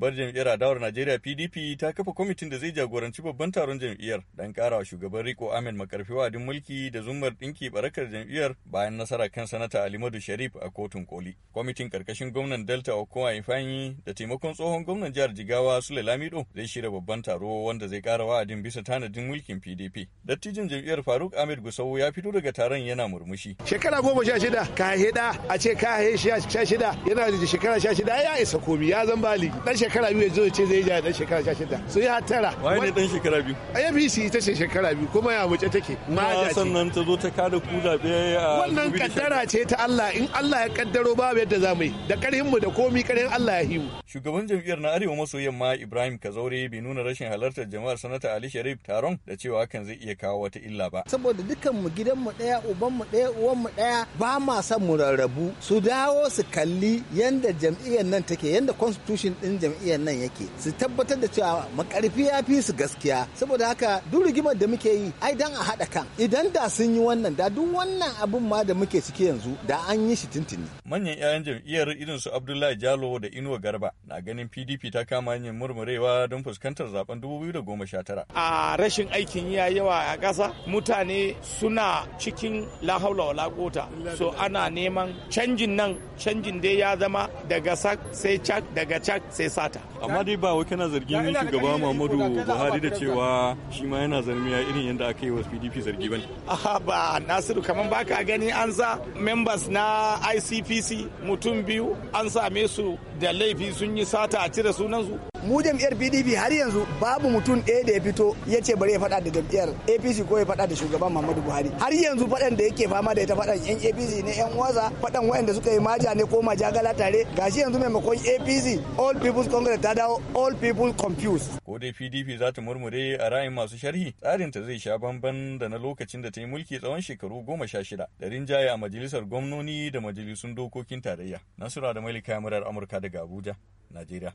Babbar jam'iyyar adawar Najeriya PDP ta kafa kwamitin da zai jagoranci babban taron jam'iyyar don karawa shugaban Riko Ahmed Makarfi wa'adin mulki da zumar dinki barakar jam'iyyar bayan nasara kan sanata Alimadu Sharif a kotun koli. Kwamitin karkashin gwamnan Delta kuma Ifanyi da taimakon tsohon gwamnan jihar Jigawa Sule Lamido zai shirya babban taro wanda zai kara wa'adin bisa tanadin mulkin PDP. Dattijin jam'iyyar Faruk Ahmed Gusau ya fito daga taron yana murmushi. Shekara goma sha shida ka heda a ce ka heda sha shida yana da shekara sha shida ya isa komi ya zan bali. shekara biyu yanzu ce zai jaya dan shekara sha shida su ya tara wani ne dan shekara biyu shi ita ce shekara biyu kuma ya wuce take ma ce sannan ta zo ta kada ku zabe wannan kaddara ce ta Allah in Allah ya kaddaro babu yadda za mu yi da karhin mu da komi karhin Allah ya himu shugaban jam'iyyar na arewa maso yamma Ibrahim Kazaure bai nuna rashin halartar jama'ar sanata Ali Sharif taron da cewa hakan zai iya kawo wata illa ba saboda dukkan mu gidan mu daya uban mu daya uwan mu daya ba ma son mu rarrabu su dawo su kalli yanda jam'iyyar nan take yanda constitution din jam'iyyar jam'iyyar nan yake su tabbatar da cewa makarfi ya fi su gaskiya saboda haka duk rigimar da muke yi ai dan a haɗa kan idan da sun yi wannan da duk wannan abun ma da muke ciki yanzu da an yi shi tuntuni. Manyan 'ya'yan jam'iyyar irin su Abdullahi Jalo da Inuwa Garba na ganin PDP ta kama hanyar murmurewa don fuskantar zaben 2019. A rashin aikin yi yawa a ƙasa mutane suna cikin lahaula wala kota so ana neman canjin nan canjin dai ya zama daga sak sai cak daga cak sai sa bukata amma dai ba wai kana zargin shugaba Muhammadu Buhari da cewa shi ma yana zarmiya irin yadda aka yi wa PDP zargi bane aha ba Nasiru kaman baka gani an sa members na ICPC mutum biyu an same su da laifi sun yi sata a cire sunansu mu jam'iyyar pdp har yanzu babu mutum ɗaya da ya fito ya ce bari ya faɗa da jam'iyyar apc ko ya faɗa da shugaban muhammadu buhari har yanzu faɗan da yake fama da ita faɗan yan apc ne yan waza faɗan waɗanda suka yi maja ne ko majagala tare gashi yanzu maimakon apc all people's congress ta dawo all people confused ko dai pdp za ta murmure a ra'ayin masu sharhi tsarin ta zai sha bamban da na lokacin da ta yi mulki tsawon shekaru goma sha shida da rinjaye a majalisar gwamnoni da majalisun dokokin tarayya nasura da malika murar amurka daga abuja najeriya